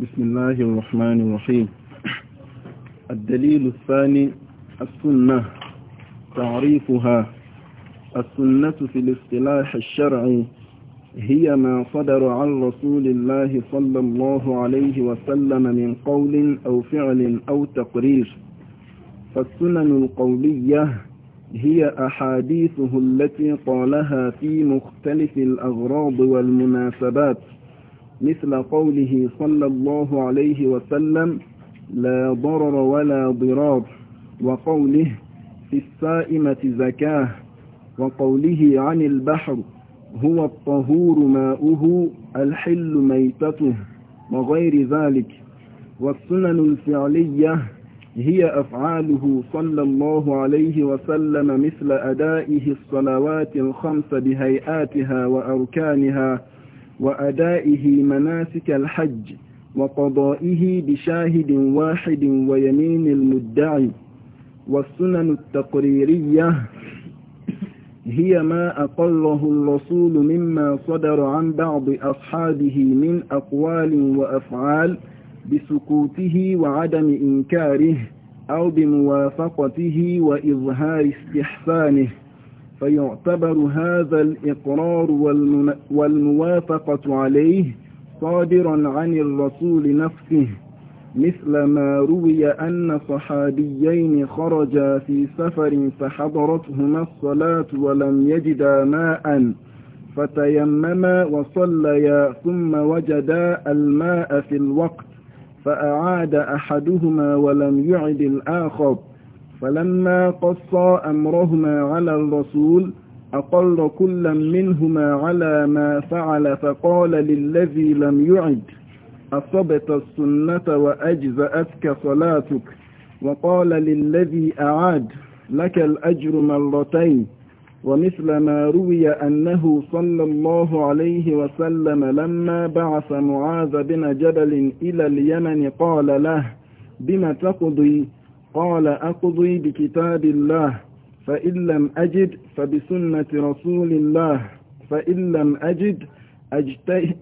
بسم الله الرحمن الرحيم الدليل الثاني السنة تعريفها السنة في الاصطلاح الشرعي هي ما صدر عن رسول الله صلى الله عليه وسلم من قول أو فعل أو تقرير فالسنن القولية هي أحاديثه التي قالها في مختلف الأغراض والمناسبات مثل قوله صلى الله عليه وسلم لا ضرر ولا ضرار وقوله في السائمة زكاه وقوله عن البحر هو الطهور ماؤه الحل ميتته وغير ذلك والسنن الفعلية هي أفعاله صلى الله عليه وسلم مثل أدائه الصلوات الخمس بهيئاتها وأركانها وأدائه مناسك الحج وقضائه بشاهد واحد ويمين المدعي والسنن التقريرية هي ما أقره الرسول مما صدر عن بعض أصحابه من أقوال وأفعال بسكوته وعدم إنكاره أو بموافقته وإظهار استحسانه فيعتبر هذا الإقرار والموافقة عليه صادرا عن الرسول نفسه مثل ما روي أن صحابيين خرجا في سفر فحضرتهما الصلاة ولم يجدا ماء فتيمما وصليا ثم وجدا الماء في الوقت فأعاد أحدهما ولم يعد الآخر فلما قصى أمرهما على الرسول أقر كلا منهما على ما فعل فقال للذي لم يعد أصبت السنة وأجزأتك صلاتك وقال للذي أعاد لك الأجر مرتين ومثل ما روي أنه صلى الله عليه وسلم لما بعث معاذ بن جبل إلى اليمن قال له بما تقضي قال أقضي بكتاب الله فإن لم أجد فبسنة رسول الله فإن لم أجد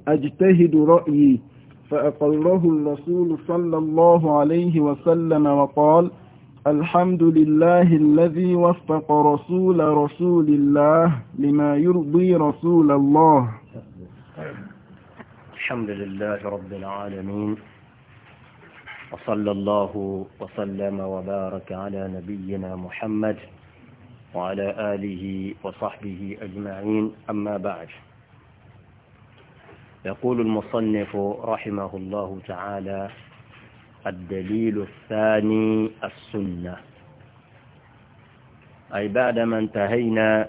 أجتهد رأيي فأقره الرسول صلى الله عليه وسلم وقال الحمد لله الذي وفق رسول رسول الله لما يرضي رسول الله الحمد لله رب العالمين وصلى الله وسلم وبارك على نبينا محمد وعلى آله وصحبه أجمعين أما بعد يقول المصنف رحمه الله تعالى الدليل الثاني السنة أي بعدما انتهينا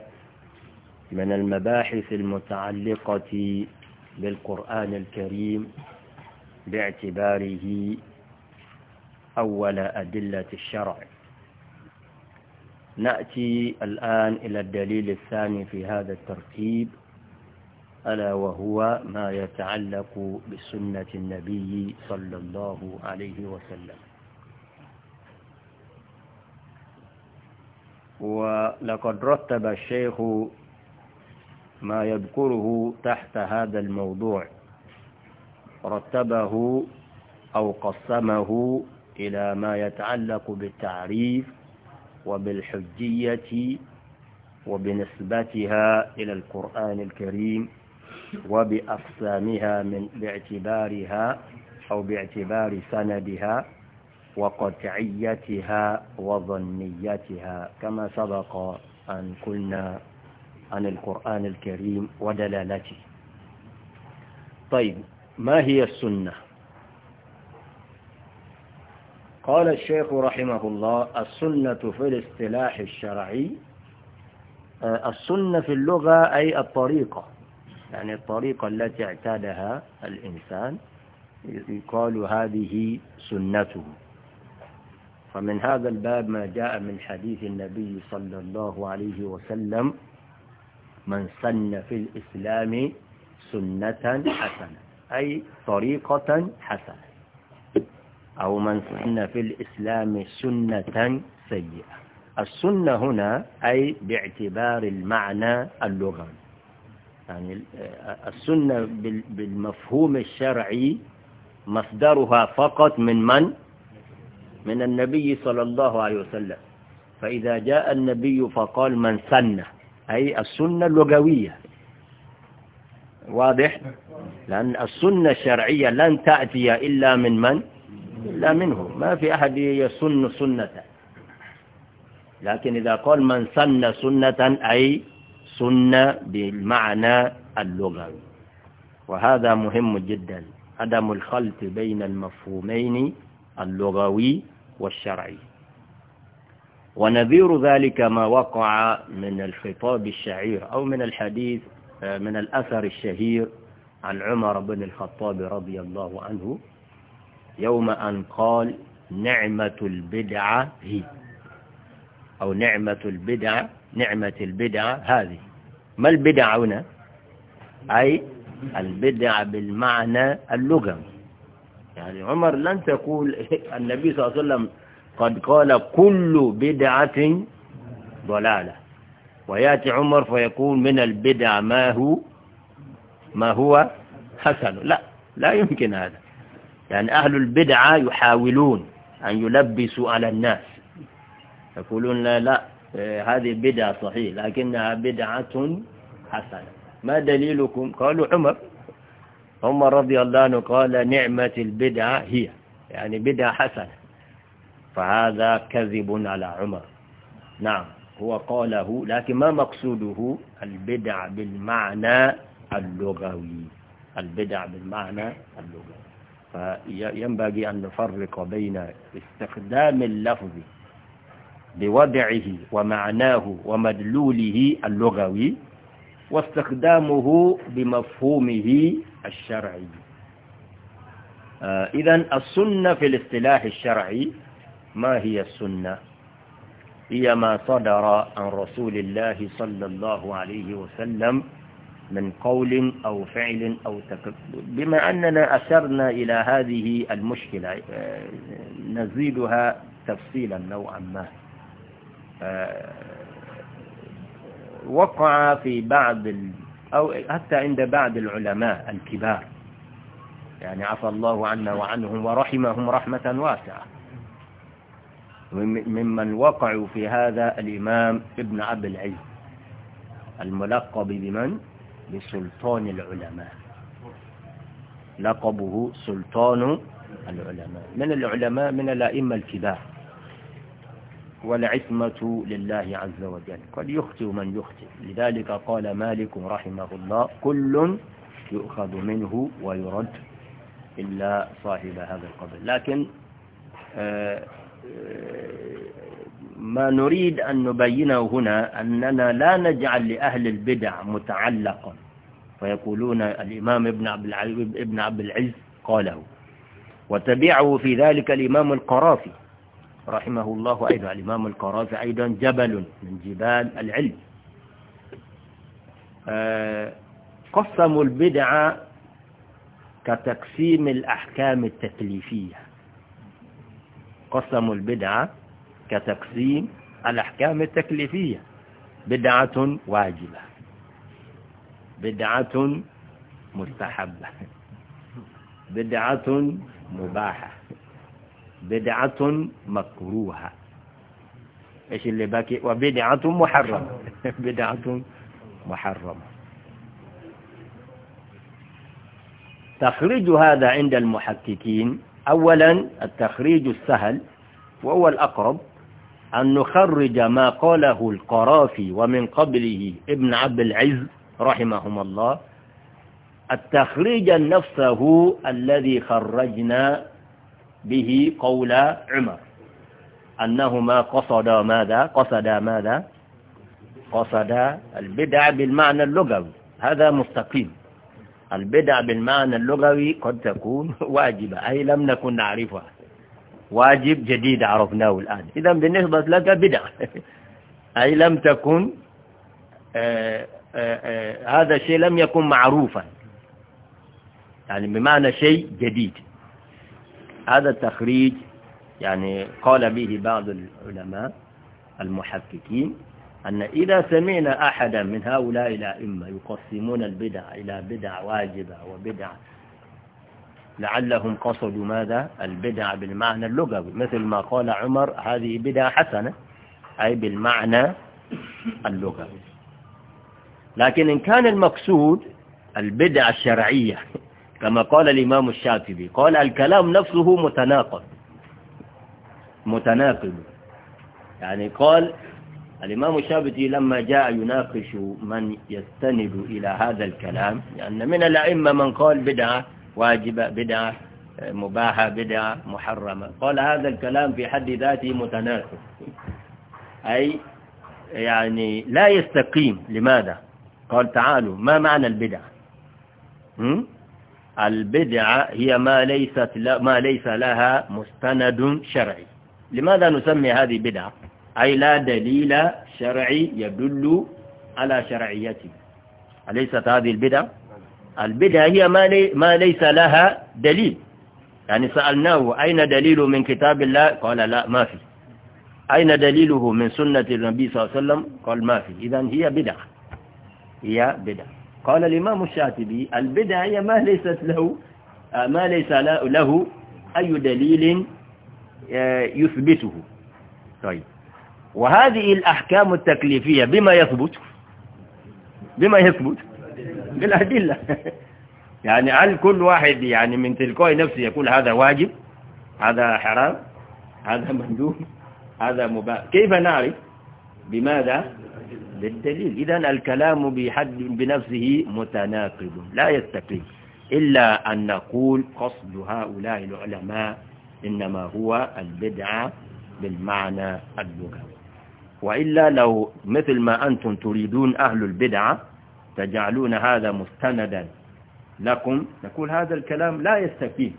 من المباحث المتعلقة بالقرآن الكريم باعتباره أول أدلة الشرع نأتي الآن إلى الدليل الثاني في هذا الترتيب ألا وهو ما يتعلق بسنة النبي صلى الله عليه وسلم ولقد رتب الشيخ ما يذكره تحت هذا الموضوع رتبه أو قسمه إلى ما يتعلق بالتعريف وبالحجية وبنسبتها إلى القرآن الكريم وبأقسامها من باعتبارها أو باعتبار سندها وقطعيتها وظنيتها كما سبق أن قلنا عن القرآن الكريم ودلالته طيب ما هي السنة قال الشيخ رحمه الله السنة في الاصطلاح الشرعي آه، السنة في اللغة أي الطريقة يعني الطريقة التي اعتادها الإنسان يقال هذه سنته فمن هذا الباب ما جاء من حديث النبي صلى الله عليه وسلم من سن في الإسلام سنة حسنة أي طريقة حسنة أو من سن في الإسلام سنة سيئة السنة هنا أي باعتبار المعنى اللغوي يعني السنة بالمفهوم الشرعي مصدرها فقط من من؟ من النبي صلى الله عليه وسلم فإذا جاء النبي فقال من سنة أي السنة اللغوية واضح؟ لأن السنة الشرعية لن تأتي إلا من من؟ إلا منه ما في أحد يسن سنة لكن إذا قال من سن سنة أي سنة بالمعنى اللغوي وهذا مهم جدا عدم الخلط بين المفهومين اللغوي والشرعي ونذير ذلك ما وقع من الخطاب الشعير أو من الحديث آه، من الأثر الشهير عن عمر بن الخطاب رضي الله عنه يوم أن قال نعمة البدعة هي أو نعمة البدعة نعمة البدعة هذه ما البدعة هنا أي البدعة بالمعنى اللغوي يعني عمر لن تقول النبي صلى الله عليه وسلم قد قال كل بدعة ضلالة ويأتي عمر فيقول من البدع ما هو ما هو حسن لا لا يمكن هذا يعني أهل البدعة يحاولون أن يلبسوا على الناس يقولون لا, لا هذه بدعة صحيح لكنها بدعة حسنة ما دليلكم قالوا عمر عمر رضي الله عنه قال نعمة البدعة هي يعني بدعة حسنة فهذا كذب على عمر نعم هو قاله لكن ما مقصوده البدع بالمعنى اللغوي البدع بالمعنى اللغوي فينبغي أن نفرق بين استخدام اللفظ بوضعه ومعناه ومدلوله اللغوي واستخدامه بمفهومه الشرعي آه، إذا السنة في الاصطلاح الشرعي ما هي السنة هي ما صدر عن رسول الله صلى الله عليه وسلم من قول أو فعل أو تكبر بما أننا أشرنا إلى هذه المشكلة آه، نزيدها تفصيلا نوعا ما آه، وقع في بعض ال... أو حتى عند بعض العلماء الكبار يعني عفى الله عنا وعنهم ورحمهم رحمة واسعة ممن وقعوا في هذا الإمام ابن عبد العزيز الملقب بمن لسلطان العلماء لقبه سلطان العلماء من العلماء من الأئمة الكبار والعثمة لله عز وجل قد يخطئ من يخطئ لذلك قال مالك رحمه الله كل يؤخذ منه ويرد إلا صاحب هذا القبر لكن آه، آه، ما نريد أن نبينه هنا أننا لا نجعل لأهل البدع متعلقا فيقولون الإمام ابن عبد ابن عبد العز قاله وتبعه في ذلك الإمام القرافي رحمه الله أيضا الإمام القرافي أيضا جبل من جبال العلم آه، قسموا البدع كتقسيم الأحكام التكليفية قسموا البدعة كتقسيم الأحكام التكليفية بدعة واجبة بدعة مستحبة بدعة مباحة بدعة مكروهة ايش اللي باقي وبدعة محرمة بدعة محرمة تخريج هذا عند المحققين أولا التخريج السهل وهو الأقرب أن نخرج ما قاله القرافي ومن قبله ابن عبد العز رحمهما الله التخريج نفسه الذي خرجنا به قول عمر أنهما قصدا ماذا قصدا ماذا قصدا البدع بالمعنى اللغوي هذا مستقيم البدع بالمعنى اللغوي قد تكون واجبة أي لم نكن نعرفها واجب جديد عرفناه الآن إذا بالنسبة لك بدعة أي لم تكن آآ آه، آآ آه، آه، هذا الشيء لم يكن معروفا يعني بمعنى شيء جديد هذا التخريج يعني قال به بعض العلماء المحققين أن إذا سمعنا أحدا من هؤلاء الأئمة يقسمون البدع إلى بدع واجبة وبدع لعلهم قصدوا ماذا البدع بالمعنى اللغوي مثل ما قال عمر هذه بدعة حسنة أي بالمعنى اللغوي لكن إن كان المقصود البدع الشرعية كما قال الإمام الشاطبي قال الكلام نفسه متناقض متناقض يعني قال الإمام الشافعي لما جاء يناقش من يستند إلى هذا الكلام لأن يعني من الأئمة من قال بدعة واجبة بدعة مباحة بدعة محرمة قال هذا الكلام في حد ذاته متناسب أي يعني لا يستقيم لماذا قال تعالوا ما معنى البدعة البدعة هي ما ليست ما ليس لها مستند شرعي لماذا نسمي هذه بدعة أي لا دليل شرعي يدل على شرعيته أليست هذه البدعة البدعة هي ما, لي ما ليس لها دليل يعني سألناه أين دليله من كتاب الله قال لا ما في أين دليله من سنة النبي صلى الله عليه وسلم قال ما في إذا هي بدعة هي بدعة قال الإمام الشاتبي البدعة هي ما ليست له ما ليس له أي دليل آه، يثبته طيب وهذه الأحكام التكليفية بما يثبت بما يثبت بالأدلة يعني هل كل واحد يعني من تلقاء نفسه يقول هذا واجب هذا حرام هذا مندوب هذا مباح كيف نعرف بماذا بالدليل إذا الكلام بحد بنفسه متناقض لا يستقيم إلا أن نقول قصد هؤلاء العلماء إنما هو البدعة بالمعنى اللغوي وإلا لو مثل ما أنتم تريدون أهل البدعة تجعلون هذا مستندا لكم نقول هذا الكلام لا يستفيد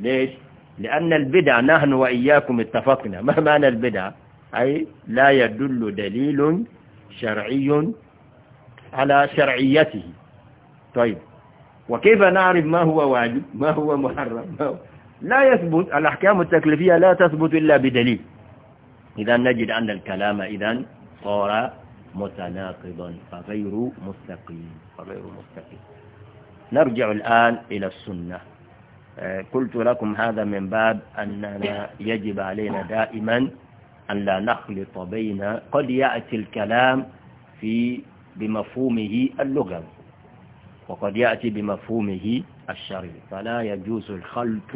ليش لأن البدع نحن وإياكم اتفقنا ما معنى البدع أي لا يدل دليل شرعي على شرعيته طيب وكيف نعرف ما هو واجب ما هو محرم ما هو لا يثبت الأحكام التكليفية لا تثبت إلا بدليل إذا نجد أن الكلام إذا صار متناقضا فغير مستقيم فغير مستقيم نرجع الآن إلى السنة آه، قلت لكم هذا من باب أننا يجب علينا دائما أن لا نخلط بين قد يأتي الكلام في بمفهومه اللغوي وقد يأتي بمفهومه الشريف فلا يجوز الخلط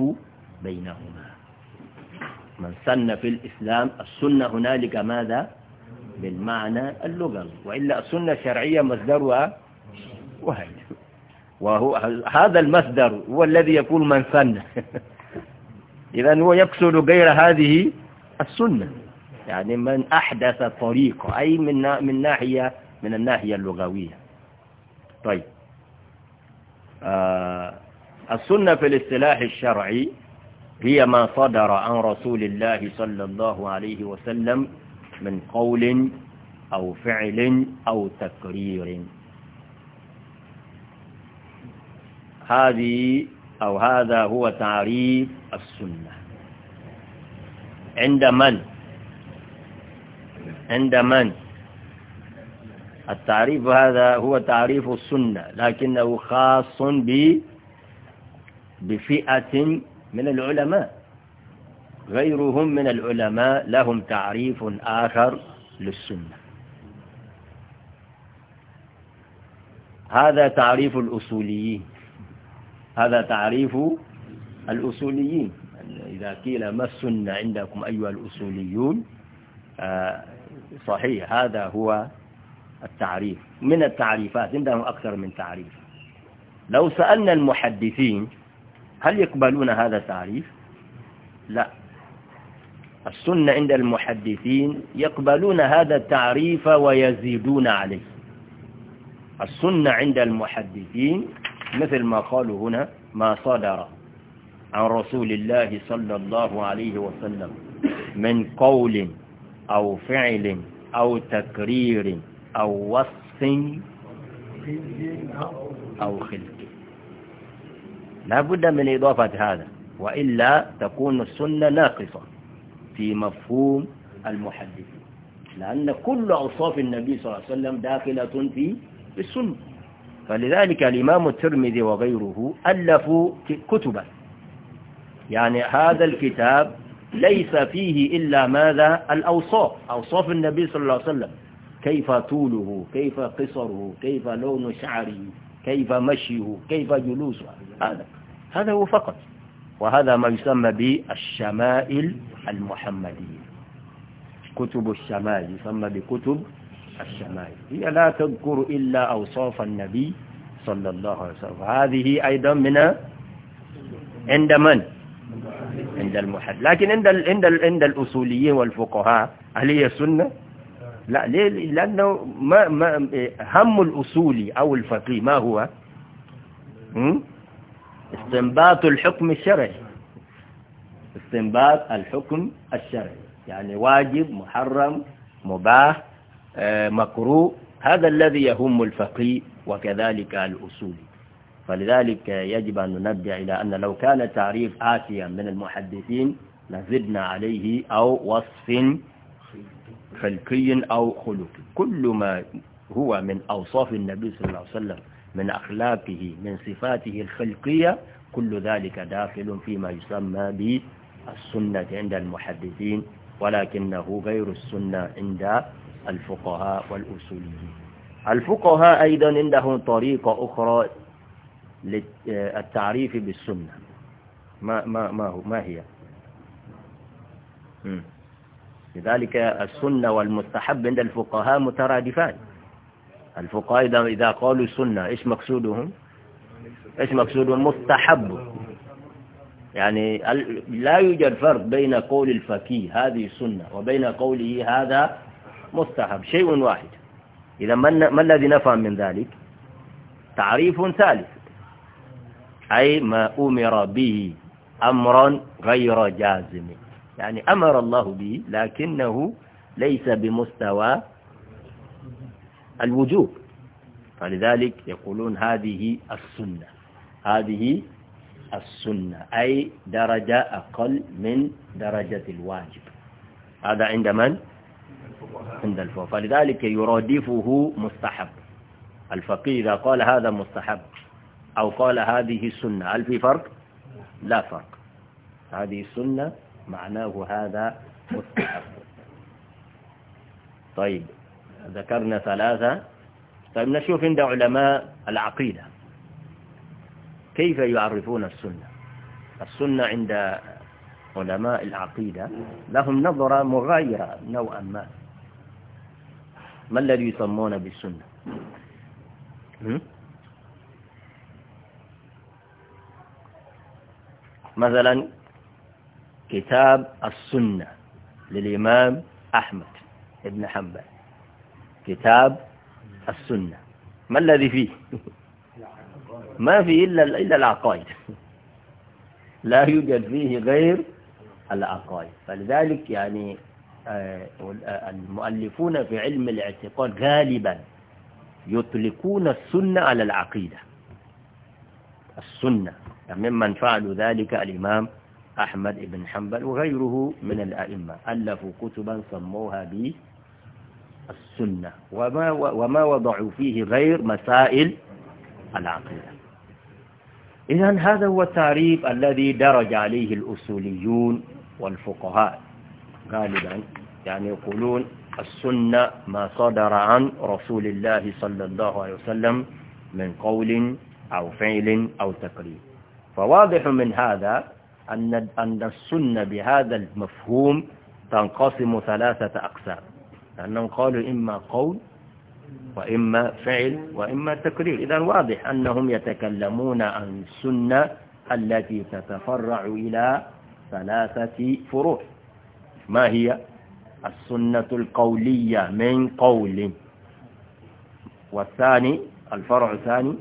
بينهما من سن في الإسلام السنة هنالك ماذا بالمعنى اللغوي وإلا السنة شرعية مصدرها وهي وهو هذا المصدر هو الذي يقول من سن إذا هو يقصد غير هذه السنة يعني من أحدث طريقه أي من من ناحية من الناحية اللغوية طيب آه السنة في الاصطلاح الشرعي هي ما صدر عن رسول الله صلى الله عليه وسلم من قول أو فعل أو تكرير هذه أو هذا هو تعريف السنة عند من عند من التعريف هذا هو تعريف السنة لكنه خاص ب بفئة من العلماء غيرهم من العلماء لهم تعريف آخر للسنة هذا تعريف الأصوليين هذا تعريف الأصوليين إذا قيل ما السنة عندكم أيها الأصوليون آه، صحيح هذا هو التعريف من التعريفات عندهم أكثر من تعريف لو سألنا المحدثين هل يقبلون هذا التعريف لا السنة عند المحدثين يقبلون هذا التعريف ويزيدون عليه السنة عند المحدثين مثل ما قالوا هنا ما صدر عن رسول الله صلى الله عليه وسلم من قول أو فعل أو تكرير أو وصف أو خلق لا بد من إضافة هذا وإلا تكون السنة ناقصة في مفهوم المحدثين لأن كل أوصاف النبي صلى الله عليه وسلم داخلة في السنة فلذلك الإمام الترمذي وغيره ألفوا كتبا يعني هذا الكتاب ليس فيه إلا ماذا الأوصاف أوصاف النبي صلى الله عليه وسلم كيف طوله كيف قصره كيف لون شعره كيف مشيه كيف جلوسه هذا هذا هو فقط وهذا ما يسمى بالشمائل المحمدية كتب الشمائل يسمى بكتب الشمائل هي لا تذكر إلا أوصاف النبي صلى الله عليه وسلم هذه أيضا من عند من عند المحد لكن عند ال عند ال عند الأصوليين والفقهاء هل هي سنة لا ليه لأنه ما ما هم الأصولي أو الفقيه ما هو استنباط الحكم الشرعي استنباط الحكم الشرعي يعني واجب محرم مباح آه، مكروه هذا الذي يهم الفقيه وكذلك الأصولي فلذلك يجب أن ننبه إلى أن لو كان تعريف آتيا من المحدثين لزدنا عليه أو وصف خلقي أو خلقي كل ما هو من أوصاف النبي صلى الله عليه وسلم من أخلاقه من صفاته الخلقية كل ذلك داخل فيما يسمى بالسنة عند المحدثين ولكنه غير السنة عند الفقهاء والأصوليين الفقهاء أيضا عندهم طريقة أخرى للتعريف بالسنة ما, ما, ما, هو ما هي لذلك السنة والمستحب عند الفقهاء مترادفان الفقهاء إذا قالوا سنة إيش مقصودهم ايش مقصود مستحب يعني لا يوجد فرق بين قول الفقيه هذه سنة وبين قوله هذا مستحب شيء واحد إذا ما الذي نفهم من ذلك تعريف ثالث أي ما أمر به أمرا غير جازم يعني أمر الله به لكنه ليس بمستوى الوجوب فلذلك يقولون هذه السنة هذه السنة أي درجة أقل من درجة الواجب هذا عند من؟ عند الفقهاء فلذلك يرادفه مستحب الفقيه إذا قال هذا مستحب أو قال هذه السنة هل في فرق؟ لا فرق هذه السنة معناه هذا مستحب طيب ذكرنا ثلاثة طيب نشوف عند علماء العقيدة كيف يعرفون السنة السنة عند علماء العقيدة لهم نظرة مغايرة نوعا ما ما الذي يسمون بالسنة مثلا كتاب السنة للإمام أحمد ابن حنبل كتاب السنة ما الذي فيه ما في إلا, إلا العقائد لا يوجد فيه غير العقائد فلذلك يعني آه، آه، المؤلفون في علم الاعتقاد غالبا يطلقون السنة على العقيدة السنة يعني ممن فعلوا ذلك الإمام أحمد بن حنبل وغيره من الأئمة ألفوا كتبا سموها به السنة وما, وما وضعوا فيه غير مسائل العقيدة إذا هذا هو التعريف الذي درج عليه الأصوليون والفقهاء غالبا يعني يقولون السنة ما صدر عن رسول الله صلى الله عليه وسلم من قول أو فعل أو تقرير فواضح من هذا أن أن السنة بهذا المفهوم تنقسم ثلاثة أقسام لأنهم قالوا إما قول وإما فعل وإما تكرير إذا واضح أنهم يتكلمون عن السنة التي تتفرع إلى ثلاثة فروع ما هي السنة القولية من قول والثاني الفرع الثاني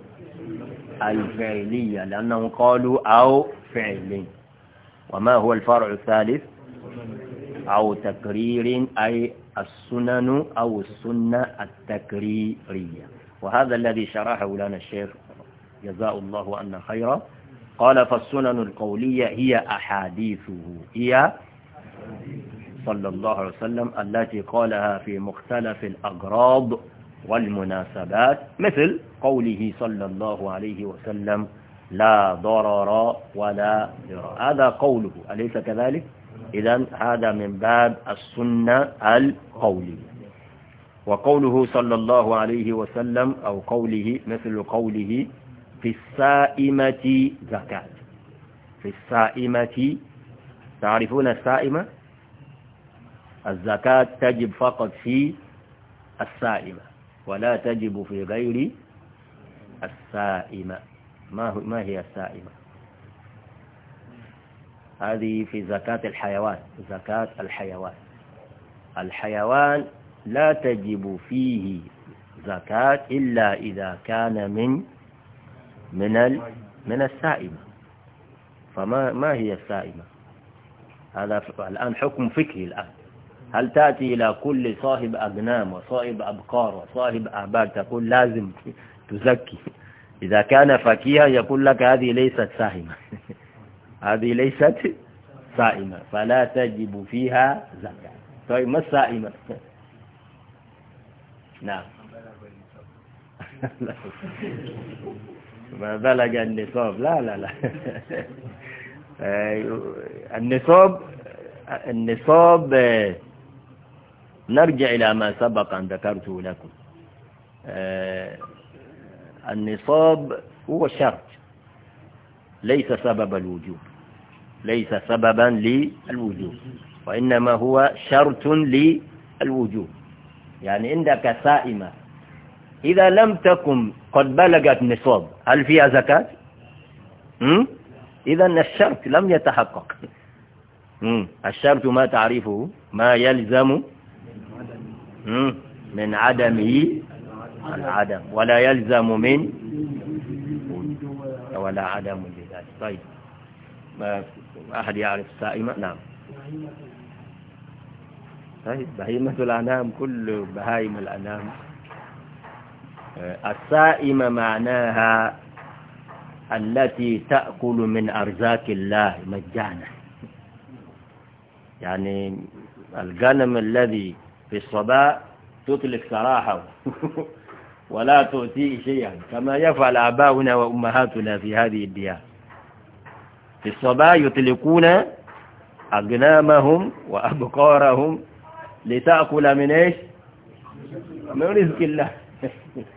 الفعلية لأنهم قالوا أو فعل وما هو الفرع الثالث أو تكرير أي السنن أو السنة التكريرية وهذا الذي شرحه لنا الشيخ جزاء الله عنا خيرا قال فالسنن القولية هي أحاديثه هي صلى الله عليه وسلم التي قالها في مختلف الأغراض والمناسبات مثل قوله صلى الله عليه وسلم لا ضرر ولا ضرر هذا قوله أليس كذلك؟ إذا هذا من باب السنة القولية وقوله صلى الله عليه وسلم أو قوله مثل قوله في السائمة زكاة في السائمة تعرفون السائمة الزكاة تجب فقط في السائمة ولا تجب في غير السائمة ما, ما هي السائمة هذه في زكاة الحيوان زكاة الحيوان الحيوان لا تجب فيه زكاة إلا إذا كان من من من السائمة فما ما هي السائمة هذا الآن حكم فكري الآن هل تأتي إلى كل صاحب أغنام وصاحب أبقار وصاحب أعباد تقول لازم تزكي إذا كان فكيها يقول لك هذه ليست سائمة هذه ليست صائمة فلا تجب فيها زكاة طيب ما الصائمة نعم ما بلغ النصاب لا لا لا النصاب النصاب نرجع إلى ما سبق أن ذكرته لكم آه، النصاب هو شرط ليس سبب الوجوب ليس سببا للوجوب وإنما هو شرط للوجوب يعني عندك سائمة إذا لم تكن قد بلغت نصاب هل فيها زكاة؟ إذا الشرط لم يتحقق الشرط ما تعرفه ما يلزم من عدمه العدم ولا يلزم من ولا عدم لذلك طيب ما أحد يعرف السائمة نعم طيب بهيمة الأنام كل بهايم الأنام السائمة معناها التي تأكل من أرزاق الله مجانا يعني الغنم الذي في الصباح تطلق سراحه ولا تؤتيه شيئا كما يفعل آباؤنا وأمهاتنا في هذه الديار في الصباح يطلقون أغنامهم وأبقارهم لتأكل من إيش من رزق الله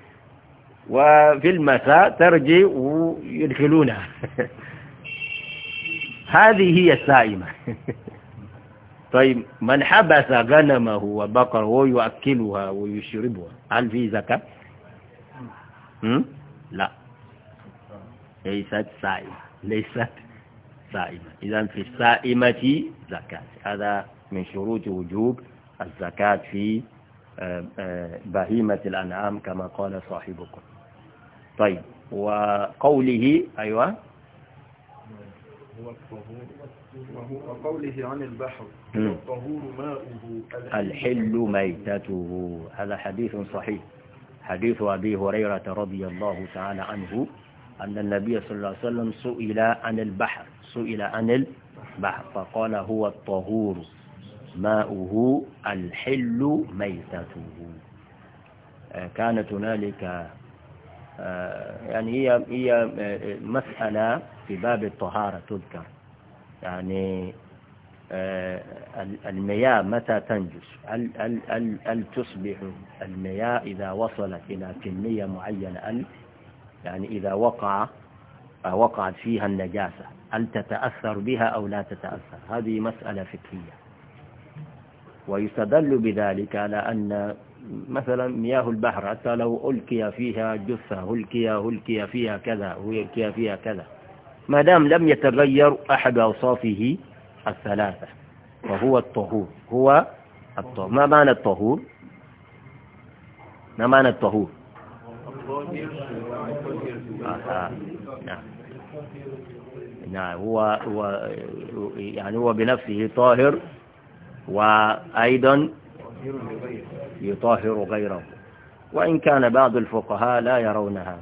وفي المساء ترجع ويدخلونها هذه هي السائمة طيب من حبس غنمه وبقره ويؤكلها ويشربها هل في زكاه لا ليست سائمة ليست سائمة إذا في السائمة زكاة هذا من شروط وجوب الزكاة في بهيمة الأنعام كما قال صاحبكم طيب وقوله أيوة وقوله عن البحر الطهور ماؤه الحل ميتته هذا حديث صحيح حديث أبي هريرة رضي الله تعالى عنه أن النبي صلى الله عليه وسلم سئل عن البحر سئل عن البحر فقال هو الطهور ماؤه الحل ميتته كانت هنالك يعني هي هي مسألة في باب الطهارة تذكر يعني آه، المياه متى تنجس هل, هل, هل, هل تصبح المياه إذا وصلت إلى كمية معينة هل يعني إذا وقع آه، وقعت فيها النجاسة هل تتأثر بها أو لا تتأثر هذه مسألة فكرية ويستدل بذلك على أن مثلا مياه البحر حتى لو ألقي فيها جثة ألقي ألقي فيها كذا ألقي فيها كذا ما دام لم يتغير أحد أوصافه الثلاثة وهو الطهور هو الطهور ما معنى الطهور ما معنى الطهور آه. نعم نعم هو, هو يعني هو بنفسه طاهر وأيضا يطهر غيره وإن كان بعض الفقهاء لا يرون هذا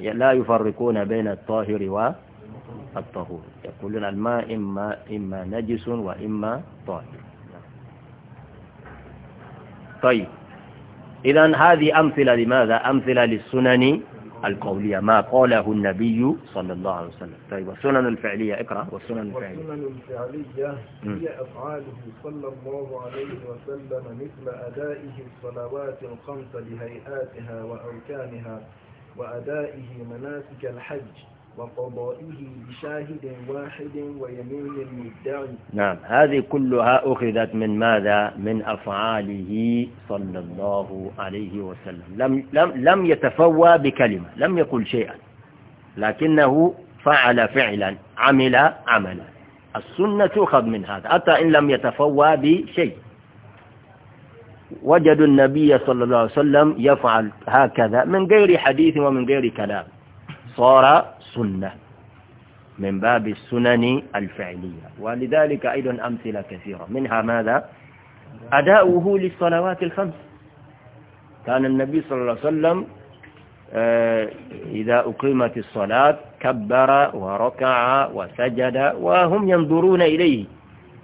لا يفرقون بين الطاهر الطهور يقولون الماء إما, إما نجس وإما طاهر طيب إذا هذه أمثلة لماذا أمثلة للسنن القولية ما قاله النبي صلى الله عليه وسلم طيب والسنن الفعلية اقرأ والسنن الفعلية والسنن الفعلية هي أفعاله صلى الله عليه وسلم مثل أدائه الصلوات الخمس بهيئاتها وأركانها وأدائه مناسك الحج وقضائه بشاهد واحد ويمين المدعي نعم هذه كلها أخذت من ماذا من أفعاله صلى الله عليه وسلم لم, لم, لم يتفوى بكلمة لم يقل شيئا لكنه فعل فعلا عمل عملا السنة تؤخذ من هذا حتى إن لم يتفوى بشيء وجدوا النبي صلى الله عليه وسلم يفعل هكذا من غير حديث ومن غير كلام صار السنة من باب السنن الفعلية ولذلك أيضا أمثلة كثيرة منها ماذا أداؤه للصلوات الخمس كان النبي صلى الله عليه وسلم آه، إذا أقيمت الصلاة كبر وركع وسجد وهم ينظرون إليه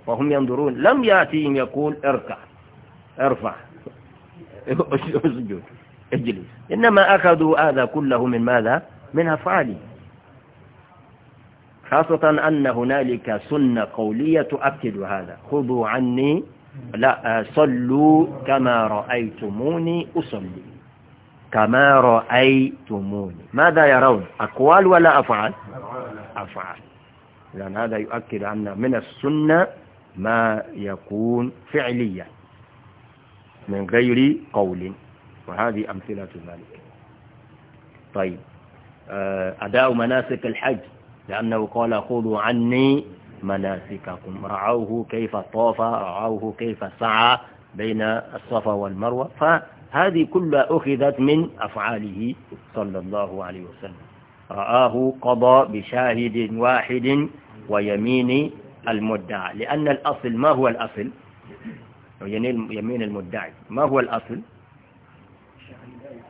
وهم ينظرون لم يأتيهم يقول اركع ارفع اسجد اجلس إنما أخذوا هذا كله من ماذا من أفعاله خاصة أن هنالك سنة قولية تؤكد هذا خذوا عني لا آه، صلوا كما رأيتموني أصلي كما رأيتموني ماذا يرون أقوال ولا أفعال أفعال لأن هذا يؤكد أن من السنة ما يكون فعليا من غير قول وهذه أمثلة ذلك طيب آه، أداء مناسك الحج لأنه قال خذوا عني مناسككم رعوه كيف طاف رعوه كيف سعى بين الصفا والمروة فهذه كلها أخذت من أفعاله صلى الله عليه وسلم رآه قضى بشاهد واحد ويمين المدعى لأن الأصل ما هو الأصل يمين المدعي ما هو الأصل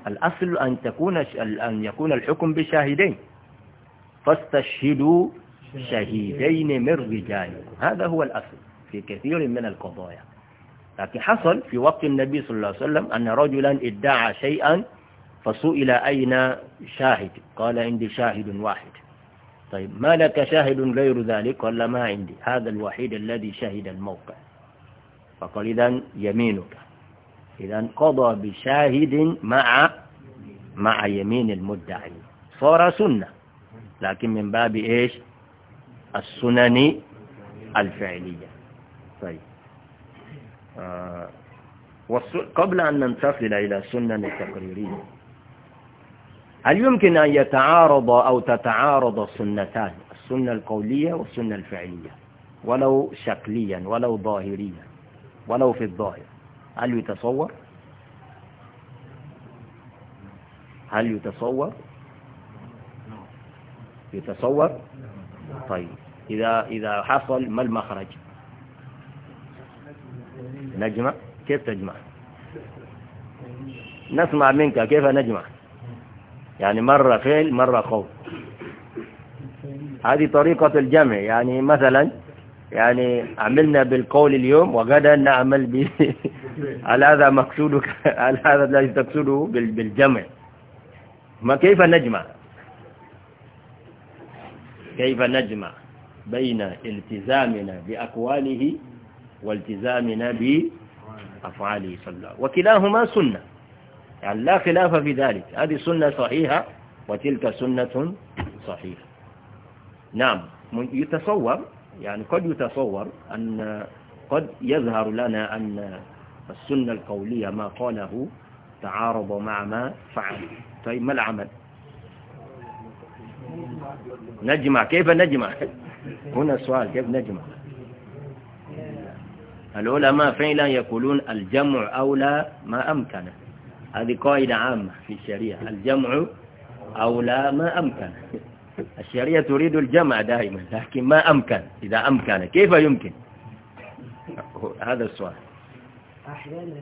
الأصل أن, تكون أن يكون الحكم بشاهدين فاستشهدوا شهيدين من رجالكم هذا هو الأصل في كثير من القضايا لكن حصل في وقت النبي صلى الله عليه وسلم أن رجلا ادعى شيئا فسئل أين شاهد قال عندي شاهد واحد طيب ما لك شاهد غير ذلك قال ما عندي هذا الوحيد الذي شهد الموقع فقال إذا يمينك إذا قضى بشاهد مع مع يمين المدعي صار سنة لكن من باب إيش السنن الفعلية طيب آه قبل أن ننتقل إلى السنن التقريرية هل يمكن أن يتعارض أو تتعارض السنتان السنة القولية والسنة الفعلية ولو شكليا ولو ظاهريا ولو في الظاهر هل يتصور هل يتصور يتصور طيب إذا, إذا حصل ما المخرج نجمع كيف تجمع نسمع منك كيف نجمع يعني مرة فعل مرة خوف هذه طريقة الجمع يعني مثلا يعني عملنا بالقول اليوم وغدا نعمل ب هل هذا مقصودك هل هذا الذي تقصده بالجمع ما كيف نجمع كيف نجمع بين التزامنا بأقواله والتزامنا بأفعاله صلى الله عليه وسلم وكلاهما سنة يعني لا خلاف في ذلك هذه سنة صحيحة وتلك سنة صحيحة نعم يتصور يعني قد يتصور أن قد يظهر لنا أن السنة القولية ما قاله تعارض مع ما فعل طيب ما العمل نجمع كيف نجمع هنا السؤال كيف نجمع العلماء فعلا يقولون الجمع أولى ما أمكن هذه قاعدة عامة في الشريعة الجمع أولى ما أمكن الشريعة تريد الجمع دائما لكن ما أمكن إذا أمكن كيف يمكن هذا السؤال أحيانا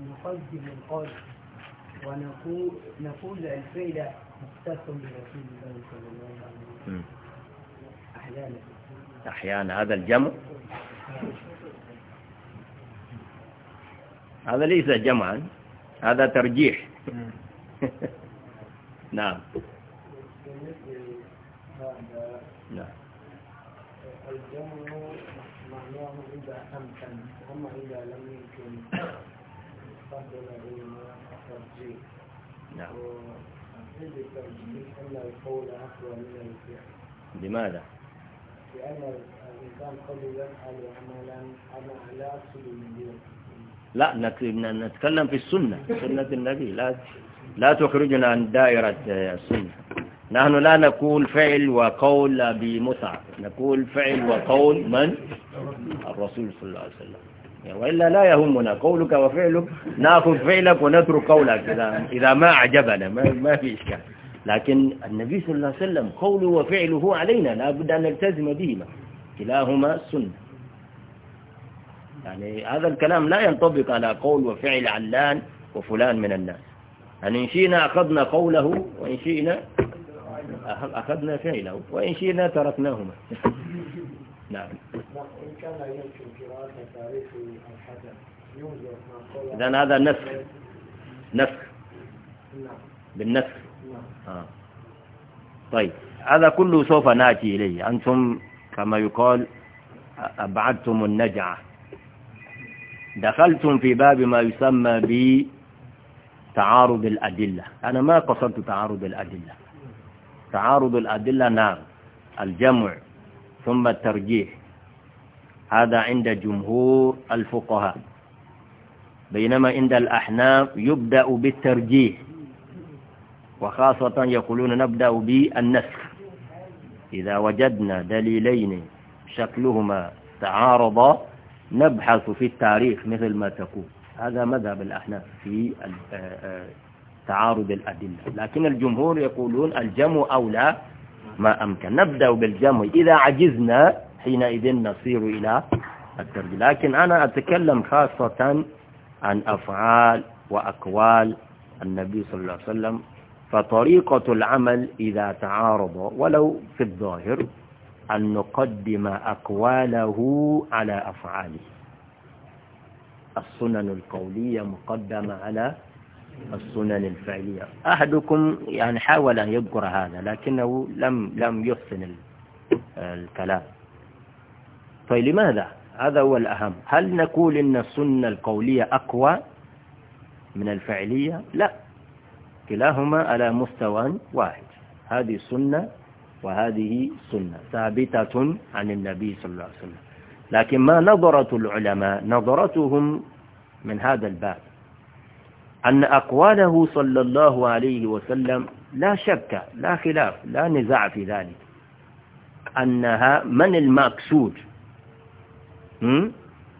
نقدم القول ونقول نقول الفعل أحيانا هذا الجمع هذا ليس جمعا هذا ترجيح نعم نعم الجمع معناه إذا أمكن أما إذا لم يمكن الترجيح نعم لماذا؟ لأن الإنسان قد يفعل عملا لا لا نتكلم في السنة سنة النبي لا لا تخرجنا عن دائرة السنة نحن لا نقول فعل وقول بمتعة نقول فعل وقول من؟ الرسول صلى الله عليه وسلم وإلا لا يهمنا قولك وفعلك نأخذ فعلك ونترك قولك إذا, إذا ما أعجبنا ما, ما في إشكال لكن النبي صلى الله عليه وسلم قوله وفعله علينا لا بد أن نلتزم بهما كلاهما سنة يعني هذا الكلام لا ينطبق على قول وفعل علان وفلان من الناس يعني إن شئنا أخذنا قوله وإن شئنا أخذنا فعله وإن شئنا تركناهما نعم إن كان يمكن قراءة تاريخ الحدث إذا هذا نسخ نسخ نعم بالنسخ نعم آه. طيب هذا كله سوف نأتي إليه أنتم كما يقال أبعدتم النجعة دخلتم في باب ما يسمى بتعارض الأدلة أنا ما قصدت تعارض الأدلة تعارض الأدلة نعم الجمع ثم الترجيح هذا عند جمهور الفقهاء بينما عند الأحناف يبدأ بالترجيح وخاصة يقولون نبدأ بالنسخ إذا وجدنا دليلين شكلهما تعارضا نبحث في التاريخ مثل ما تقول هذا مذهب الأحناف في آه، آه، تعارض الأدلة لكن الجمهور يقولون الجمع أولى ما أمكن نبدأ بالجمع إذا عجزنا حينئذ نصير إلى الترجي لكن أنا أتكلم خاصة عن أفعال وأقوال النبي صلى الله عليه وسلم فطريقة العمل إذا تعارض ولو في الظاهر أن نقدم أقواله على أفعاله السنن القولية مقدمة على السنن الفعلية أحدكم يعني حاول أن يذكر هذا لكنه لم لم يحسن الكلام فلماذا طيب، هذا هو الأهم هل نقول إن السنة القولية أقوى من الفعلية لا كلاهما على مستوى واحد هذه سنة وهذه سنة ثابتة عن النبي صلى الله عليه وسلم لكن ما نظرة العلماء نظرتهم من هذا الباب أن أقواله صلى الله عليه وسلم لا شك لا خلاف لا نزاع في ذلك أنها من المقصود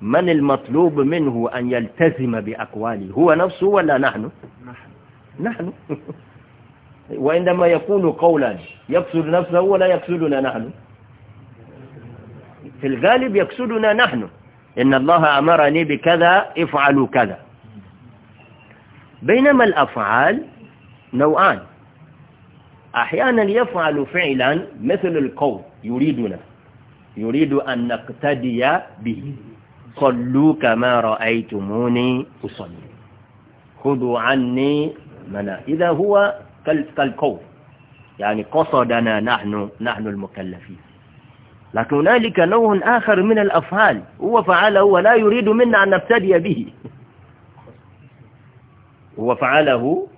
من المطلوب منه أن يلتزم بأقواله هو نفسه ولا نحن نحن نحن. وعندما يقول قولا يقصد نفسه ولا يقصدنا نحن في الغالب يقصدنا نحن إن الله أمرني بكذا افعلوا كذا بينما الأفعال نوعان أحيانا يفعل فعلا مثل القول يريدنا يريد أن نقتدي به صلوا كما رأيتموني أصلي خذوا عني منا إذا هو كالقول يعني قصدنا نحن نحن المكلفين لكن هنالك نوع آخر من الأفعال هو فعله ولا يريد منا أن نبتدي به وفعله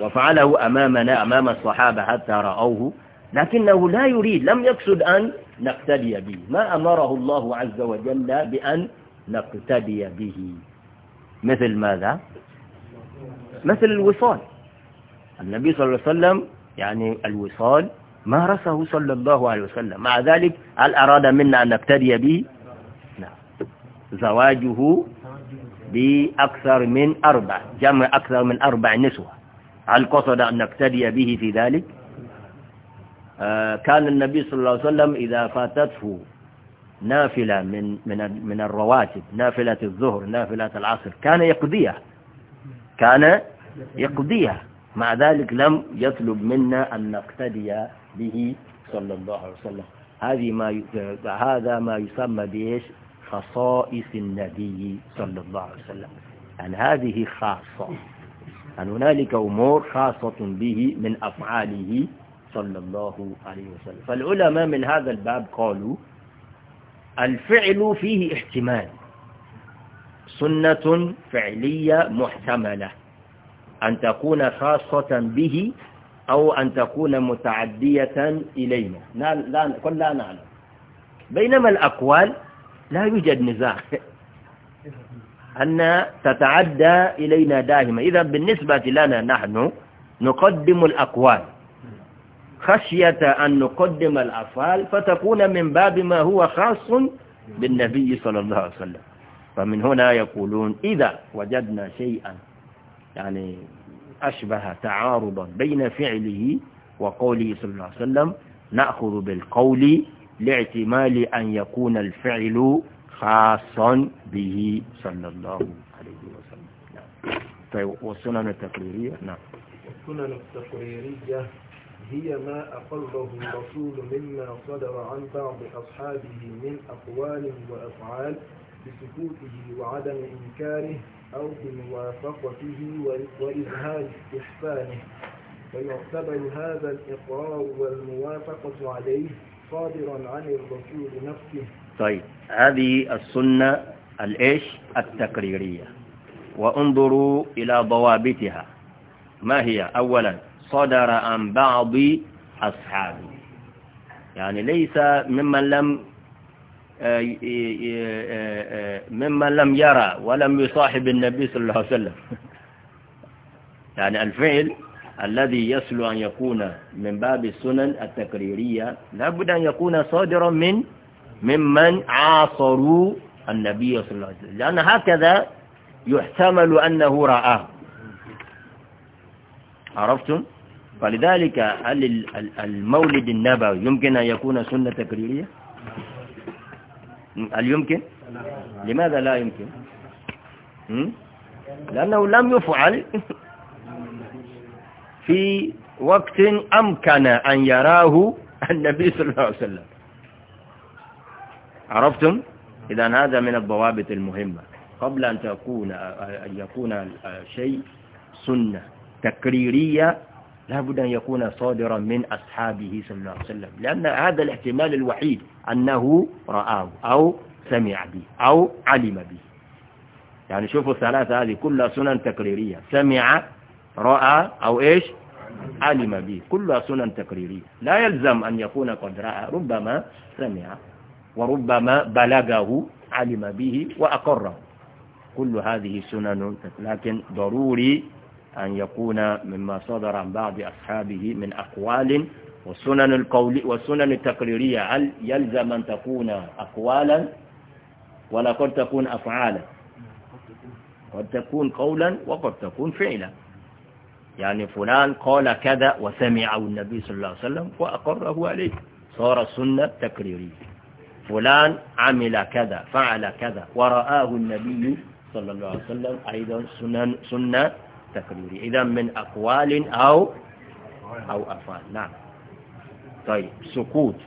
وفعله أمامنا أمام الصحابة حتى رأوه لكنه لا يريد لم يقصد أن نقتدي به ما أمره الله عز وجل بأن نقتدي به مثل ماذا مثل الوصال النبي صلى الله عليه وسلم يعني الوصال مارسه صلى الله عليه وسلم مع ذلك هل أراد منا أن نقتدي به لا نعم. زواجه بأكثر من أربع جمع أكثر من أربع نسوة هل قصد أن نقتدي به في ذلك آه كان النبي صلى الله عليه وسلم إذا فاتته نافلة من, من, من الرواتب نافلة الظهر نافلة العصر كان يقضيها كان يقضيها مع ذلك لم يطلب منا أن نقتدي به صلى الله عليه وسلم هذه ما هذا ما يسمى بإيش خصائص النبي صلى الله عليه وسلم أن هذه خاصة أن هنالك أمور خاصة به من أفعاله صلى الله عليه وسلم فالعلماء من هذا الباب قالوا الفعل فيه احتمال سنة فعلية محتملة أن تكون خاصة به أو أن تكون متعدية إلينا لا, لا, لا نعلم بينما الأقوال لا يوجد نزاع أن تتعدى إلينا دائما إذا بالنسبة لنا نحن نقدم الأقوال خشية أن نقدم الأفعال فتكون من باب ما هو خاص بالنبي صلى الله عليه وسلم فمن هنا يقولون إذا وجدنا شيئا يعني أشبه تعارضا بين فعله وقوله صلى الله عليه وسلم نأخذ بالقول لاعتمال أن يكون الفعل خاصا به صلى الله عليه وسلم نعم. طيب والسنن التقريرية نعم السنن التقريرية هي ما أقره الرسول مما صدر عن بعض أصحابه من أقوال وأفعال بسكوته وعدم إنكاره أو بموافقته وإظهار إحسانه ويعتبر هذا الإقرار والموافقة عليه صادرا عن الرسول نفسه طيب هذه السنة الإيش التقريرية وانظروا إلى ضوابطها ما هي أولا صدر عن بعض أصحابه يعني ليس ممن لم آه، آه، آه، ممن لم يرى ولم يصاحب النبي صلى الله عليه وسلم يعني الفعل الذي يسلو أن يكون من باب السنن التكريرية لابد أن يكون صادرا من ممن عاصروا النبي صلى الله عليه وسلم لأن هكذا يحتمل أنه رآه عرفتم فلذلك هل المولد النبوي يمكن أن يكون سنة تكريرية هل يمكن لماذا لا يمكن لأنه لم يفعل في وقت أمكن أن يراه النبي صلى الله عليه وسلم عرفتم؟ إذا هذا من الضوابط المهمة قبل أن تكون أن يكون شيء سنة تكريرية لابد أن يكون صادرا من أصحابه صلى الله عليه وسلم لأن هذا الاحتمال الوحيد أنه رآه أو سمع به أو علم به يعني شوفوا الثلاثة هذه كلها سنن تكريرية سمع رأى أو إيش علم به كلها سنن تقريرية لا يلزم أن يكون قد رأى ربما سمع وربما بلغه علم به وأقره كل هذه سنن لكن ضروري أن يكون مما صدر عن بعض أصحابه من أقوال والسنن القول والسنن التقريرية هل يلزم أن تكون أقوالا ولا قد تكون أفعالا قد تكون قولا وقد تكون فعلا يعني فلان قال كذا وسمعه النبي صلى الله عليه وسلم وأقره عليه صار سنة تكريرية فلان عمل كذا فعل كذا ورآه النبي صلى الله عليه وسلم أيضا سنن سنة تكريرية إذا من أقوال أو أو أفعال نعم طيب سكوت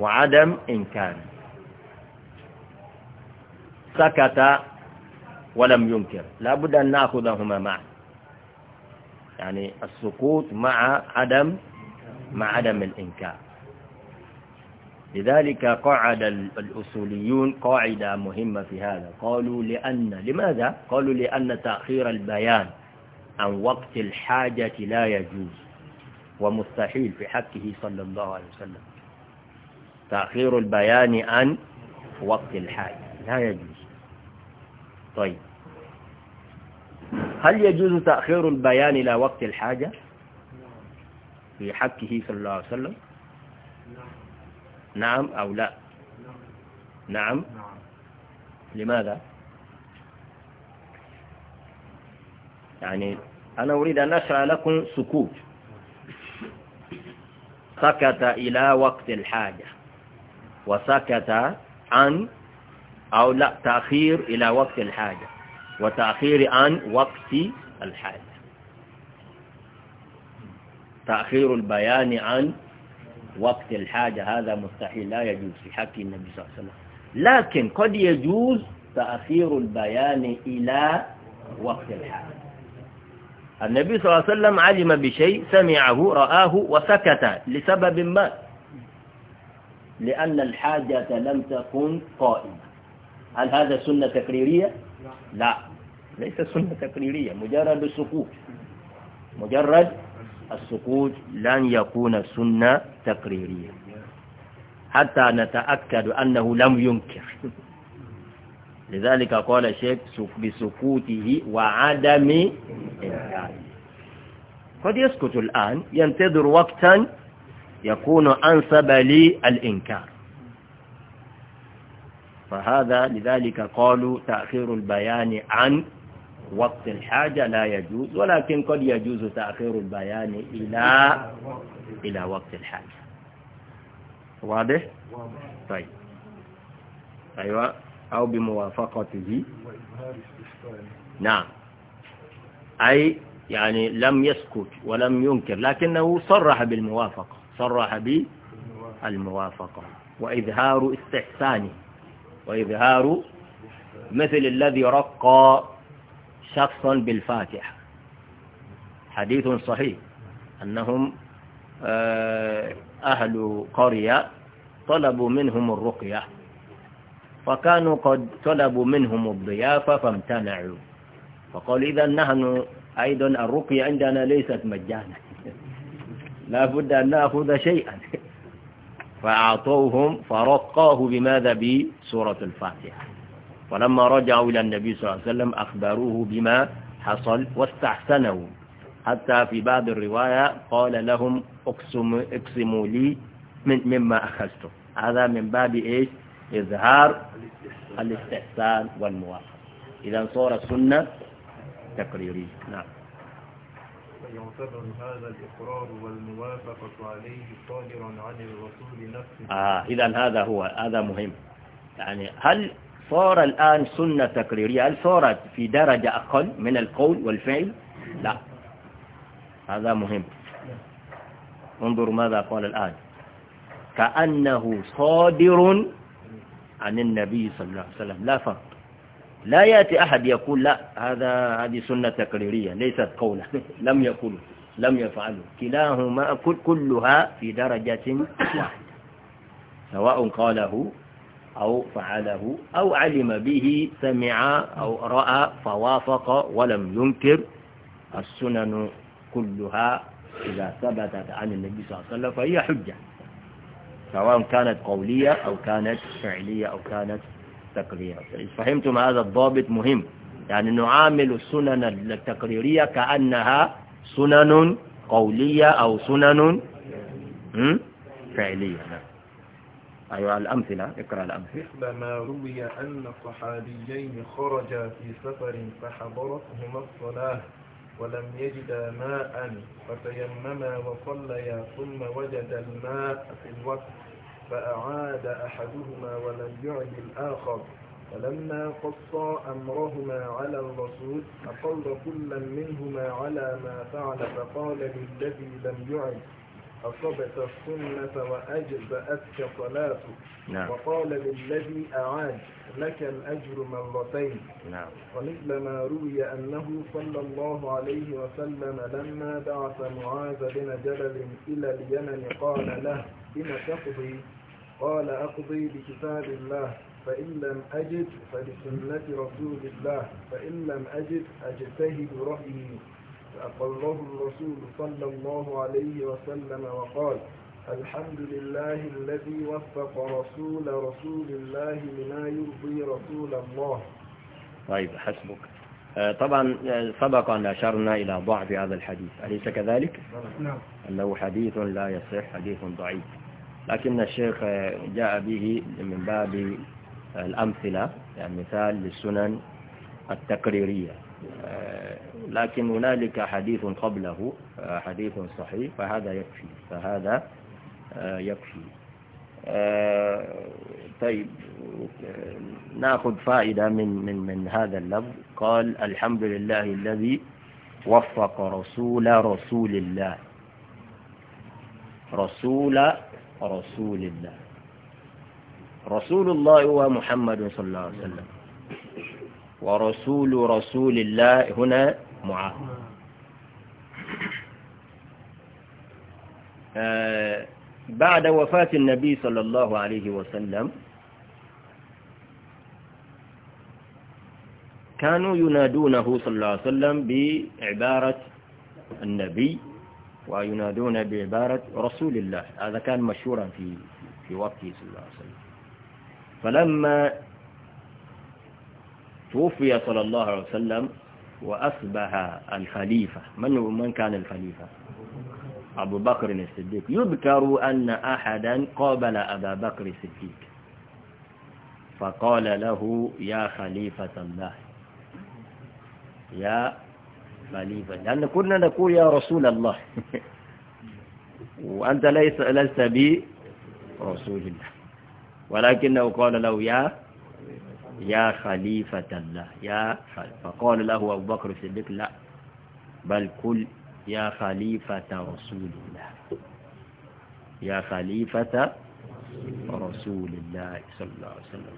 وعدم إنكار سكت ولم ينكر لابد أن نأخذهما معا يعني السقوط مع عدم مع عدم الإنكار لذلك قعد الأصوليون قاعدة مهمة في هذا قالوا لأن لماذا؟ قالوا لأن تأخير البيان عن وقت الحاجة لا يجوز ومستحيل في حقه صلى الله عليه وسلم تأخير البيان عن وقت الحاجة لا يجوز طيب هل يجوز تأخير البيان إلى وقت الحاجة في حقه صلى الله عليه وسلم نعم أو لا نعم لماذا يعني أنا أريد أن أشرع لكم سكوت سكت إلى وقت الحاجة وسكت عن أو لا تأخير إلى وقت الحاجة وتأخير عن وقت الحاجة تأخير البيان عن وقت الحاجة هذا مستحيل لا يجوز في حق النبي صلى الله عليه وسلم لكن قد يجوز تأخير البيان إلى وقت الحاجة النبي صلى الله عليه وسلم علم بشيء سمعه رآه وسكت لسبب ما لأن الحاجة لم تكن قائمة هل هذا سنة تكريرية؟ لا ليس سنة تقريرية مجرد السكوت مجرد السكوت لن يكون سنة تقريرية حتى نتأكد أنه لم ينكر لذلك قال الشيخ بسكوته وعدم إنكاره قد يسكت الآن ينتظر وقتا يكون أنسب للإنكار فهذا لذلك قالوا تأخير البيان عن وقت الحاجة لا يجوز ولكن قد يجوز تأخير البيان إلى إلى وقت الحاجة واضح؟ طيب أيوة أو بموافقته نعم أي يعني لم يسكت ولم ينكر لكنه صرح بالموافقة صرح بالموافقة وإظهار استحسانه وإظهار مثل الذي رقى شخصا بالفاتحة حديث صحيح أنهم آه، أهل قرية طلبوا منهم الرقية فكانوا قد طلبوا منهم الضيافة فامتنعوا فقال إذا نحن أيضا الرقية عندنا ليست مجانا لا بد أن نأخذ شيئا فأعطوهم فرقاه بماذا بسورة الفاتحة فلما رجعوا إلى النبي صلى الله عليه وسلم أخبروه بما حصل واستحسنوا حتى في بعض الرواية قال لهم اقسم اقسموا لي من مما أخذته هذا من باب إيش إظهار الاستحسان والموافقة إذا صورة سنة تقريرية نعم يعتبر هذا الإقرار والموافقة عليه صادرا عن الرسول نفسه آه إذا هذا هو هذا مهم يعني هل صار الآن سنة تقريرية هل صارت في درجة أقل من القول والفعل لا هذا مهم انظر ماذا قال الآن كأنه صادر عن النبي صلى الله عليه وسلم لا فقط لا يأتي أحد يقول لا هذا هذه سنة تقريرية ليست قولة لم يقول لم يفعله كلاهما كلها في درجة واحدة سواء قاله أو فعله أو علم به سمع أو رأى فوافق ولم ينكر السنن كلها إذا ثبتت عن النبي صلى الله عليه وسلم فهي حجة سواء كانت قولية أو كانت فعلية أو كانت التقرير فهمتم هذا الضابط مهم يعني نعامل السنن التقريرية كأنها سنن قولية أو سنن فعلية نعم. أيها الأمثلة اقرأ الأمثلة مثل ما روي أن الصحابيين خرجا في سفر فحضرتهما الصلاة ولم يجدا ماء فتيمما وصليا ثم وجد الماء في الوقت فأعاد أحدهما ولم يعد الآخر فلما قصى أمرهما على الرسول أقر كلا منهما على ما فعل فقال للذي لم يعد أصبت السنة وأجزأتك صلاتك نعم. وقال للذي أعاد لك الأجر مرتين نعم. ومثل ما روي أنه صلى الله عليه وسلم لما بعث معاذ بن جبل إلى اليمن قال له بما تقضي قال أقضي بكتاب الله فإن لم أجد فبسنة رسول الله فإن لم أجد أجتهد رأيي فأقره الرسول صلى الله عليه وسلم وقال الحمد لله الذي وفق رسول رسول الله لما يرضي رسول الله طيب حسبك آه، طبعا آه، سبق أن أشرنا إلى ضعف هذا الحديث أليس كذلك؟ نعم أنه حديث لا يصح حديث ضعيف لكن الشيخ جاء به من باب الأمثلة يعني مثال للسنن التقريرية لكن هنالك حديث قبله حديث صحيح فهذا يكفي فهذا يكفي طيب ناخذ فائدة من من من هذا اللفظ قال الحمد لله الذي وفق رسول رسول الله رسول رسول الله رسول الله هو محمد صلى الله عليه وسلم ورسول رسول الله هنا معاه آه، بعد وفاة النبي صلى الله عليه وسلم كانوا ينادونه صلى الله عليه وسلم بعبارة النبي وينادون بعبارة رسول الله هذا كان مشهورا في في وقته صلى الله عليه وسلم فلما توفي صلى الله عليه وسلم وأصبح الخليفة من من كان الخليفة أبو بكر الصديق يذكر أن أحدا قابل أبا بكر الصديق فقال له يا خليفة الله يا خليفة لأن كنا نقول يا رسول الله وأنت ليس لست بي رسول الله ولكنه قال له يا يا خليفة الله يا خليفة فقال له أبو بكر الصديق لا بل كل يا خليفة رسول الله يا خليفة رسول الله صلى الله عليه وسلم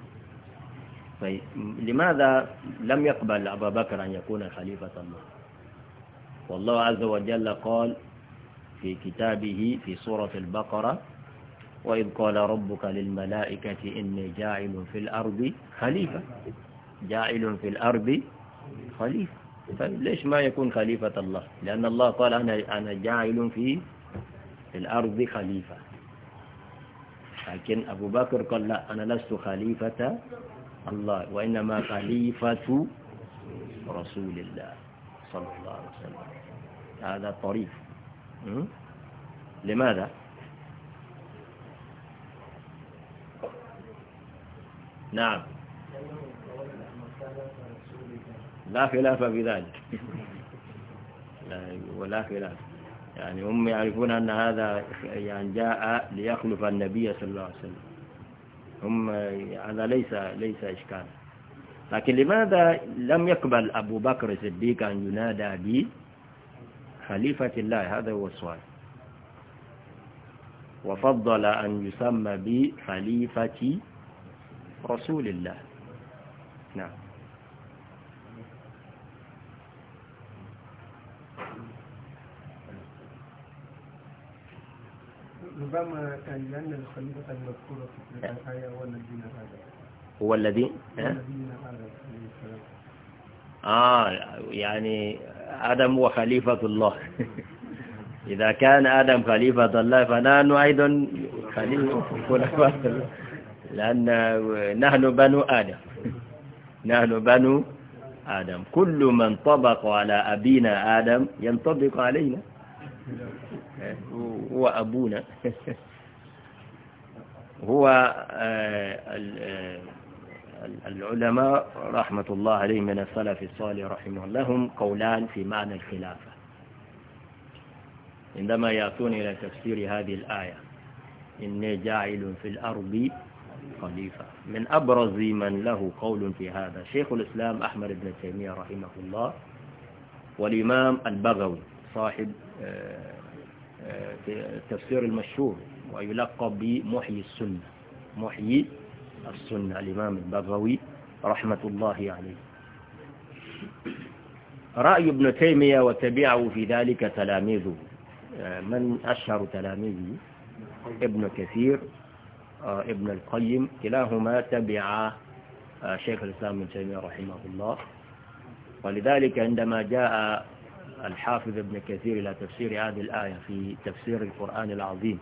طيب، لماذا لم يقبل أبا بكر أن يكون خليفة الله والله عز وجل قال في كتابه في سورة البقرة وإذ قال ربك للملائكة إني جاعل في الأرض خليفة جاعل في الأرض خليفة فليش طيب، ما يكون خليفة الله لأن الله قال أنا, أنا جاعل في الأرض خليفة لكن أبو بكر قال لا أنا لست خليفة الله وإنما خليفة رسول الله صلى الله عليه وسلم هذا طريف لماذا؟ نعم لا خلاف في ذلك لا ولا خلاف يعني هم يعرفون أن هذا يعني جاء ليخلف النبي صلى الله عليه وسلم هم هذا ليس ليس إشكالا لكن لماذا لم يقبل أبو بكر الصديق أن ينادى خليفة الله هذا هو السؤال وفضل أن يسمى بخليفة رسول الله نعم ربما كان لأن الخليفة المذكورة في الآية هو الذي هذا هو الذي آه يعني آدم هو خليفة الله إذا كان آدم خليفة الله فنحن أيضا خليفة الله لأن نحن بنو آدم نحن بنو آدم كل من طبق على أبينا آدم ينطبق علينا هو أبونا هو آه، العلماء رحمة الله عليهم من السلف الصالح رحمه لهم قولان في معنى الخلافة عندما يأتون إلى تفسير هذه الآية إني جاعل في الأرض خليفة من أبرز من له قول في هذا شيخ الإسلام أحمد بن تيمية رحمه الله والإمام البغوي صاحب آه، آه، تفسير المشهور ويلقب بمحيي السنة محيي السنة الإمام البغوي رحمة الله عليه رأي ابن تيمية وتبعه في ذلك تلاميذه من أشهر تلاميذه ابن كثير آه، ابن القيم كلاهما تبع آه، شيخ الإسلام ابن تيمية رحمه الله ولذلك عندما جاء الحافظ ابن كثير إلى تفسير هذه الآية في تفسير القرآن العظيم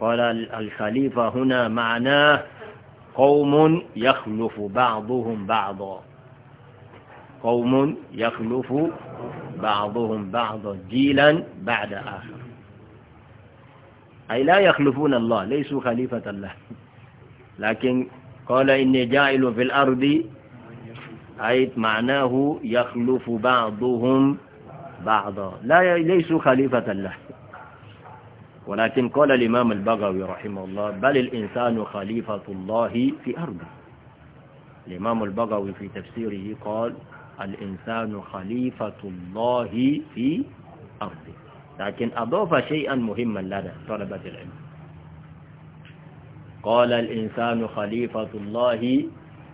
قال الخليفة هنا معناه قوم يخلف بعضهم بعضا قوم يخلف بعضهم بعضا جيلا بعد آخر أي لا يخلفون الله ليسوا خليفة الله لكن قال إني جائل في الأرض أي معناه يخلف بعضهم بعضا لا ليسوا خليفة الله ولكن قال الإمام البغوي رحمه الله بل الإنسان خليفة الله في أرضه الإمام البغوي في تفسيره قال الإنسان خليفة الله في أرضه لكن أضاف شيئا مهما لنا طلبة العلم قال الإنسان خليفة الله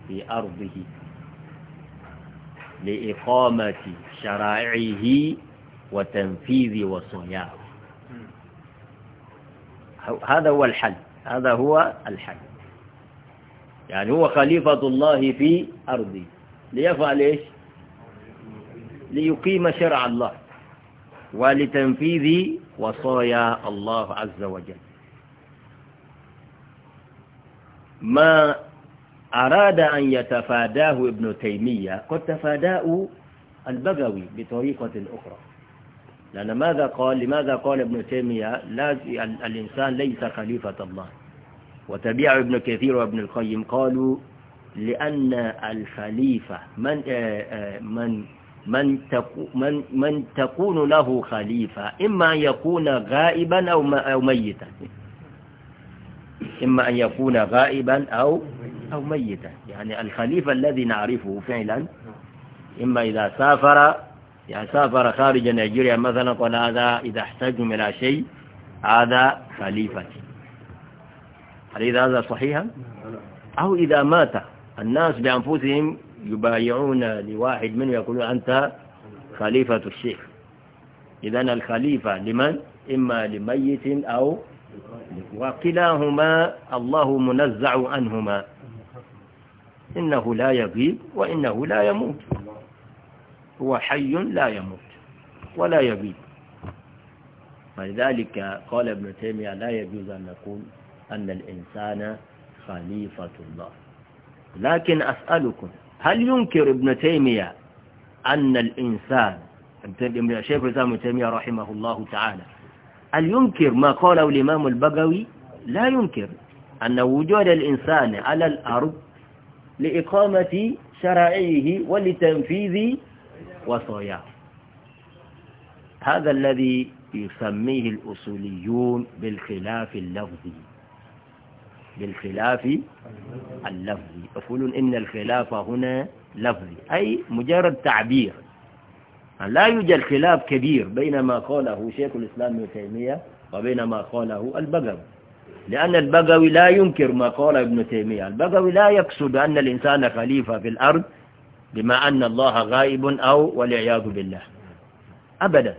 في أرضه لإقامة شرائعه وتنفيذ وصياه هذا هو الحل هذا هو الحل يعني هو خليفة الله في أرضه ليفعل إيش ليقيم شرع الله ولتنفيذ وصايا الله عز وجل ما أراد أن يتفاداه ابن تيمية قد تفاداه البغوي بطريقة أخرى لأن ماذا قال لماذا قال ابن تيمية لا الإنسان ليس خليفة الله وتبيع ابن كثير وابن القيم قالوا لأن الخليفة من آه، آه، من من من من تكون له خليفة إما أن يكون غائبا أو أو ميتا إما أن يكون غائبا أو أو ميتا يعني الخليفة الذي نعرفه فعلا إما إذا سافر يعني سافر خارج نيجيريا مثلا قال هذا إذا احتاجهم إلى شيء هذا خليفتي هل هذا صحيحا أو إذا مات الناس بأنفسهم يبايعون لواحد منهم يقولون أنت خليفة الشيخ إذا الخليفة لمن إما لميت أو وكلاهما الله منزع عنهما إنه لا يغيب وإنه لا يموت هو حي لا يموت ولا يبيد فلذلك قال ابن تيمية لا يجوز أن نقول أن الإنسان خليفة الله لكن أسألكم هل ينكر ابن تيمية أن الإنسان شيخ الإسلام ابن تيمية رحمه الله تعالى هل ينكر ما قاله الإمام البغوي لا ينكر أن وجود الإنسان على الأرض لإقامة شرائعه ولتنفيذ وصايا هذا الذي يسميه الأصوليون بالخلاف اللفظي بالخلاف اللفظي يقولون إن الخلاف هنا لفظي أي مجرد تعبير لا يوجد خلاف كبير بين ما قاله شيخ الإسلام ابن تيمية وبين ما قاله البغوي لأن البغوي لا ينكر ما قال ابن تيمية البغوي لا يقصد أن الإنسان خليفة في الأرض بما أن الله غائب أو والعياذ بالله أبدا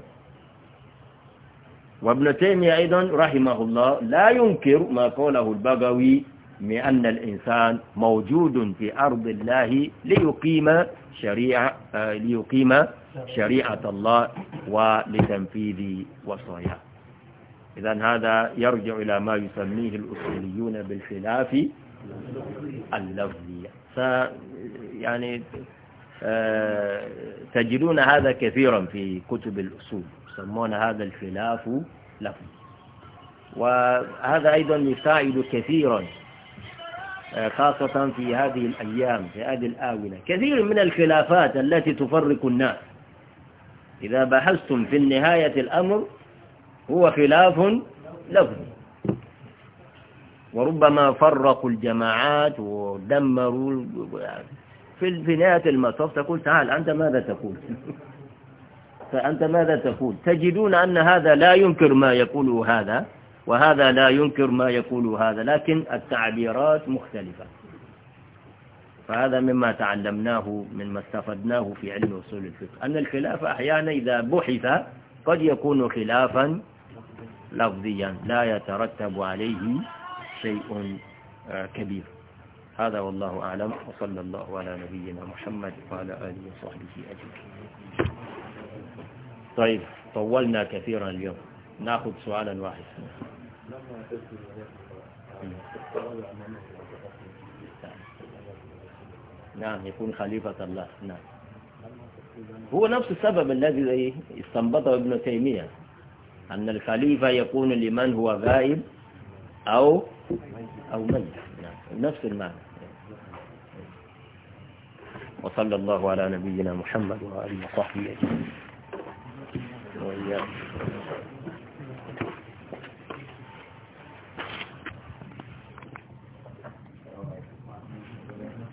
وابن تيمية أيضا رحمه الله لا ينكر ما قوله البغوي من أن الإنسان موجود في أرض الله ليقيم شريعة, ليقيم شريعة الله ولتنفيذ وصاياه إذا هذا يرجع إلى ما يسميه الأصوليون بالخلاف اللفظي يعني آه، تجدون هذا كثيرا في كتب الأصول يسمون هذا الخلاف لفظ وهذا أيضا يساعد كثيرا آه، خاصة في هذه الأيام في هذه الآونة كثير من الخلافات التي تفرق الناس إذا بحثتم في النهاية الأمر هو خلاف لفظ وربما فرقوا الجماعات ودمروا في في نهاية المطاف تقول تعال أنت ماذا تقول فأنت ماذا تقول تجدون أن هذا لا ينكر ما يقوله هذا وهذا لا ينكر ما يقوله هذا لكن التعبيرات مختلفة فهذا مما تعلمناه مما استفدناه في علم أصول الفقه أن الخلاف أحيانا إذا بحث قد يكون خلافا لفظيا لا يترتب عليه شيء آه، كبير هذا والله أعلم وصلى الله على نبينا محمد وعلى آله وصحبه أجمعين طيب طولنا كثيرا اليوم ناخذ سؤالا واحد نعم يكون خليفة الله نعم هو نفس السبب الذي استنبطه ابن تيمية أن الخليفة يكون لمن هو غائب أو أو ميت نعم نفس المعنى وصلى الله على نبينا محمد وآله وصحبه أجمعين وإياكم